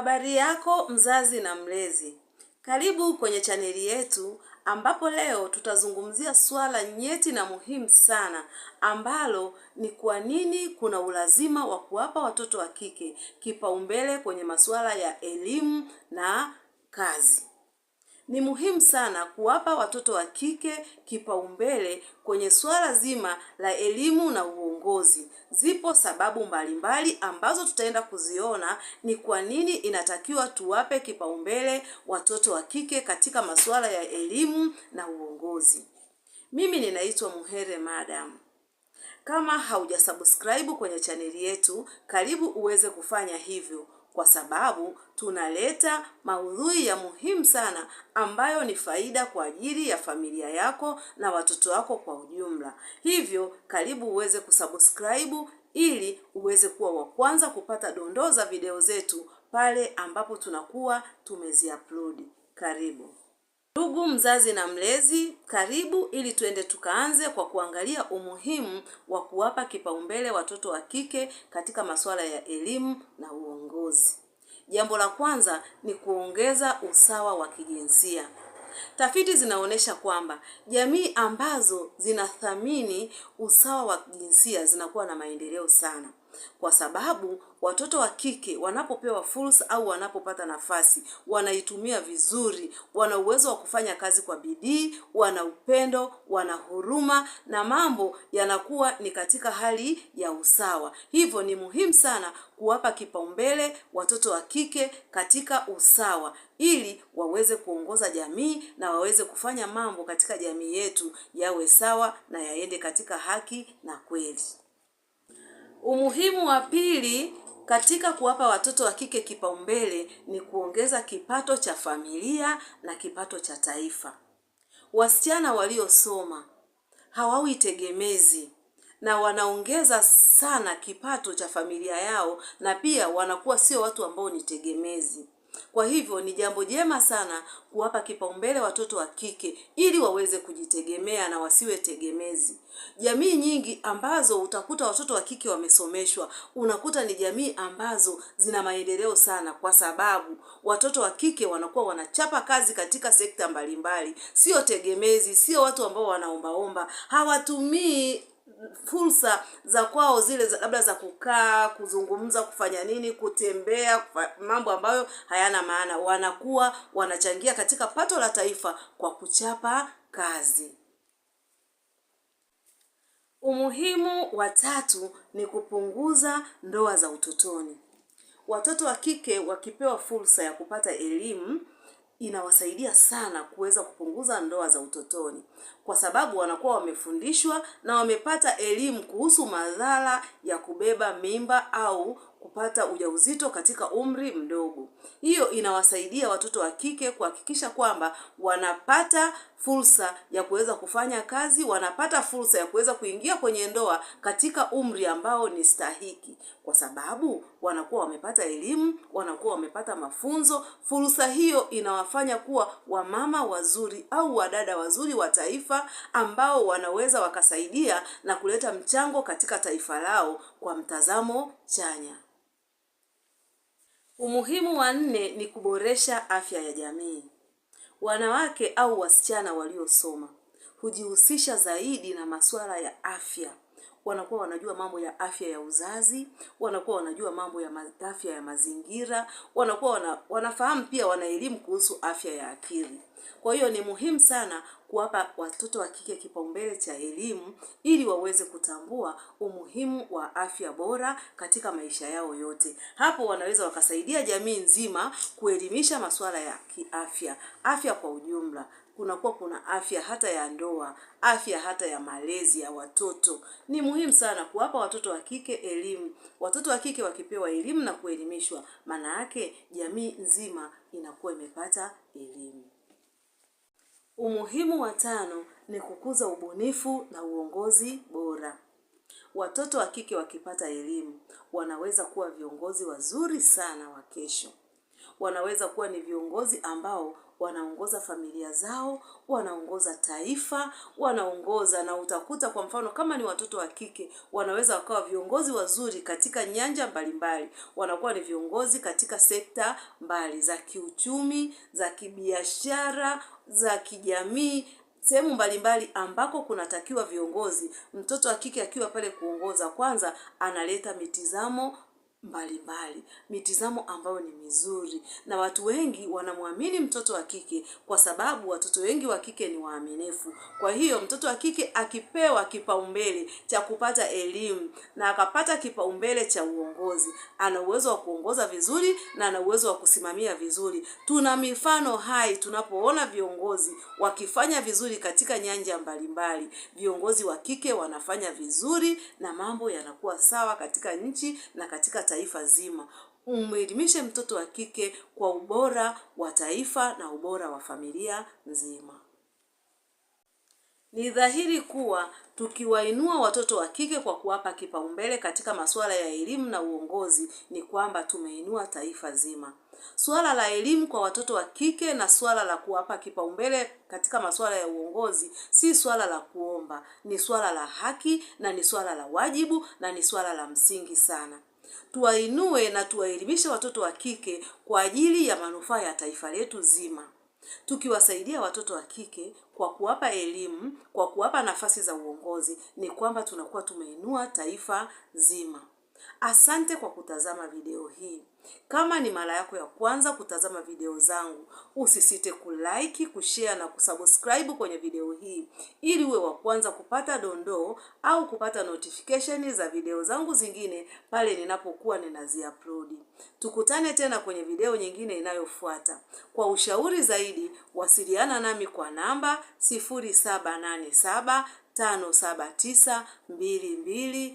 Habari yako mzazi na mlezi, karibu kwenye chaneli yetu ambapo leo tutazungumzia suala nyeti na muhimu sana ambalo ni kwa nini kuna ulazima wa kuwapa watoto wa kike kipaumbele kwenye masuala ya elimu na kazi. Ni muhimu sana kuwapa watoto wa kike kipaumbele kwenye swala zima la elimu na uongozi. Zipo sababu mbalimbali ambazo tutaenda kuziona ni kwa nini inatakiwa tuwape kipaumbele watoto wa kike katika masuala ya elimu na uongozi. Mimi ninaitwa Muhere Madam. Kama haujasubscribe kwenye chaneli yetu, karibu uweze kufanya hivyo kwa sababu tunaleta maudhui ya muhimu sana ambayo ni faida kwa ajili ya familia yako na watoto wako kwa ujumla. Hivyo karibu uweze kusubscribe ili uweze kuwa wa kwanza kupata dondoo za video zetu pale ambapo tunakuwa tumeziupload. Karibu. Ndugu mzazi na mlezi, karibu ili tuende tukaanze kwa kuangalia umuhimu wa kuwapa kipaumbele watoto wa kike katika masuala ya elimu na uongozi. Jambo la kwanza ni kuongeza usawa wa kijinsia. Tafiti zinaonyesha kwamba jamii ambazo zinathamini usawa wa kijinsia zinakuwa na maendeleo sana, kwa sababu watoto wa kike wanapopewa fursa au wanapopata nafasi wanaitumia vizuri. Wana uwezo wa kufanya kazi kwa bidii, wana upendo, wana huruma na mambo yanakuwa ni katika hali ya usawa. Hivyo ni muhimu sana kuwapa kipaumbele watoto wa kike katika usawa ili waweze kuongoza jamii na waweze kufanya mambo katika jamii yetu yawe sawa na yaende katika haki na kweli. Umuhimu wa pili katika kuwapa watoto wa kike kipaumbele ni kuongeza kipato cha familia na kipato cha taifa. Wasichana waliosoma hawawi tegemezi na wanaongeza sana kipato cha familia yao, na pia wanakuwa sio watu ambao ni tegemezi. Kwa hivyo ni jambo jema sana kuwapa kipaumbele watoto wa kike ili waweze kujitegemea na wasiwe tegemezi. Jamii nyingi ambazo utakuta watoto wa kike wamesomeshwa, unakuta ni jamii ambazo zina maendeleo sana, kwa sababu watoto wa kike wanakuwa wanachapa kazi katika sekta mbalimbali, sio tegemezi, sio watu ambao wanaombaomba, hawatumii fursa za kwao zile za labda za kukaa, kuzungumza, kufanya nini, kutembea kufa, mambo ambayo hayana maana, wanakuwa wanachangia katika pato la taifa kwa kuchapa kazi. Umuhimu wa tatu ni kupunguza ndoa za utotoni. Watoto wa kike wakipewa fursa ya kupata elimu inawasaidia sana kuweza kupunguza ndoa za utotoni, kwa sababu wanakuwa wamefundishwa na wamepata elimu kuhusu madhara ya kubeba mimba au kupata ujauzito katika umri mdogo. Hiyo inawasaidia watoto wa kike kuhakikisha kwamba wanapata fursa ya kuweza kufanya kazi, wanapata fursa ya kuweza kuingia kwenye ndoa katika umri ambao ni stahiki, kwa sababu wanakuwa wamepata elimu, wanakuwa wamepata mafunzo. Fursa hiyo inawafanya kuwa wamama wazuri au wadada wazuri wa taifa ambao wanaweza wakasaidia na kuleta mchango katika taifa lao kwa mtazamo chanya. Umuhimu wa nne ni kuboresha afya ya jamii. Wanawake au wasichana waliosoma hujihusisha zaidi na masuala ya afya wanakuwa wanajua mambo ya afya ya uzazi, wanakuwa wanajua mambo ya afya ya mazingira, wanakuwa wana, wanafahamu pia, wana elimu kuhusu afya ya akili. Kwa hiyo ni muhimu sana kuwapa watoto wa kike kipaumbele cha elimu ili waweze kutambua umuhimu wa afya bora katika maisha yao yote. Hapo wanaweza wakasaidia jamii nzima kuelimisha masuala ya kiafya, afya kwa ujumla kunakuwa kuna afya hata ya ndoa, afya hata ya malezi ya watoto. Ni muhimu sana kuwapa watoto wa kike elimu. Watoto wa kike wakipewa elimu na kuelimishwa, maana yake jamii nzima inakuwa imepata elimu. Umuhimu wa tano ni kukuza ubunifu na uongozi bora. Watoto wa kike wakipata elimu, wanaweza kuwa viongozi wazuri sana wa kesho wanaweza kuwa ni viongozi ambao wanaongoza familia zao, wanaongoza taifa, wanaongoza na utakuta kwa mfano kama ni watoto wa kike wanaweza wakawa viongozi wazuri katika nyanja mbalimbali. Wanakuwa ni viongozi katika sekta mbali za kiuchumi, za kibiashara, za kijamii sehemu mbalimbali ambako kunatakiwa viongozi. Mtoto wa kike akiwa pale kuongoza, kwanza analeta mitizamo mbalimbali, mitizamo ambayo ni mizuri, na watu wengi wanamwamini mtoto wa kike kwa sababu watoto wengi wa kike ni waaminifu. Kwa hiyo mtoto wa kike akipewa kipaumbele cha kupata elimu na akapata kipaumbele cha uongozi, ana uwezo wa kuongoza vizuri na ana uwezo wa kusimamia vizuri. Tuna mifano hai tunapoona viongozi wakifanya vizuri katika nyanja mbalimbali. Viongozi wa kike wanafanya vizuri na mambo yanakuwa sawa katika nchi na katika taifa zima. Umwelimishe mtoto wa kike kwa ubora wa taifa na ubora wa familia nzima. Ni dhahiri kuwa tukiwainua watoto wa kike kwa kuwapa kipaumbele katika masuala ya elimu na uongozi, ni kwamba tumeinua taifa zima. Suala la elimu kwa watoto wa kike na suala la kuwapa kipaumbele katika masuala ya uongozi si suala la kuomba, ni suala la haki na ni suala la wajibu na ni suala la msingi sana tuwainue na tuwaelimishe watoto wa kike kwa ajili ya manufaa ya taifa letu zima, tukiwasaidia watoto wa kike kwa kuwapa elimu, kwa kuwapa nafasi za uongozi, ni kwamba tunakuwa tumeinua taifa zima. Asante kwa kutazama video hii. Kama ni mara yako ya kwanza kutazama video zangu, usisite kulike, kushare na kusubscribe kwenye video hii ili uwe wa kwanza kupata dondoo au kupata notification za video zangu zingine pale ninapokuwa ninaziupload. Tukutane tena kwenye video nyingine inayofuata. Kwa ushauri zaidi, wasiliana nami kwa namba 0787 579 22